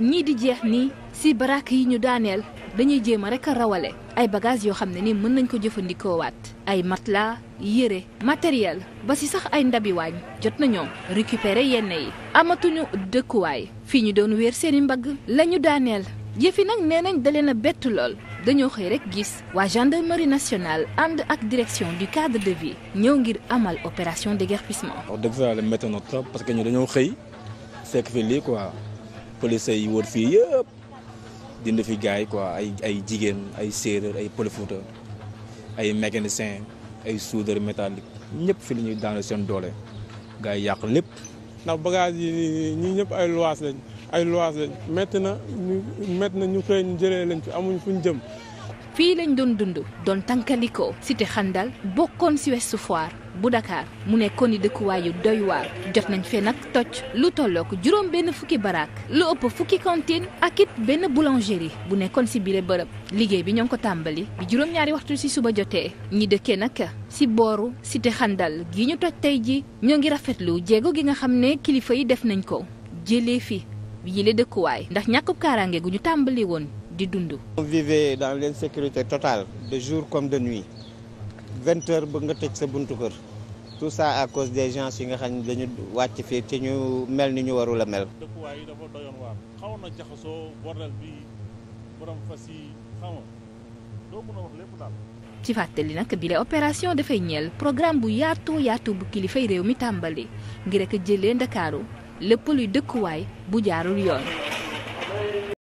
ñii di jeex nii si baraak yi ñu daaneel dañuy jéem a rek a rawale ay bagages yoo xam ne ni mën nañ ko jëfandikoo waat ay matelas yére matériel ba si sax ay ndabi waañ jot na ñoom récupérer yenn yi amatuñu dëkkuwaay fii ñu doon wéer seeni mbagg la ñu daaneel yëf yi nag nee nañ da na bett lool dañoo xëy rek gis waa gendarmerie nationale ànd ak direction du cadre de vie ñëw ngir amal opération de wax dëgg fa yàlla métti na trop parce que ñu dañoo xëy fekk fi police yi wër fii yëpp dindi fi gars yi quoi ay ay jigéen ay séeréer ay pëlfuuta ay mécanicien ay soudeur métallique ñëpp fi la ñuy daane seen doole gars yi yàq lépp. ndax bagage yi ñii ñëpp ay luwaas lañ ay luwaas lañ na ñu métti ñu xëy jëlee lañ fi amuñ fuñ jëm. fii lañ doon dund doon tànkalikoo cité xandal bokkoon si Ouest Foire bu dakaar mu nekkoon ni dëkkuwaay yu doy waar jot nañ fee nag toj lu tolloo ko juróom benn fukki baraak lu ëpp fukki cantine ak it benn boulangerie bu nekkoon si bile bërëb liggéey bi ñoo ngi ko tàmbali bi juróom-ñaari waxtu si suba jotee ñi dëkkee nag si booru cité xandal gi ñu toj tey ji ñoo ngi rafetlu jéego gi nga xam ne kilifa yi def nañ ko jëlee fi yile dëkkuwaay ndax ñàkkub kaaraange gu ñu tàmbali woon di dund. on vivait dans l'insécurité totale de jour comme de nuit. vingt heures ba nga tëj sa buntu kër tout ça à cause des gens yi nga xam ne dañu wàcc fii te ñu mel ni ñu warul a mel. dëkkuwaay yi dafa xaw na jaxasoo bordel bi borom fas ci fàttali nag bile opération dafay ñel programme bu yaatu yaatu bu kilifay réew mi tàmbali ngir rek jëlee ndakaaru lépp luy dëkkuwaay bu jaarul yoon.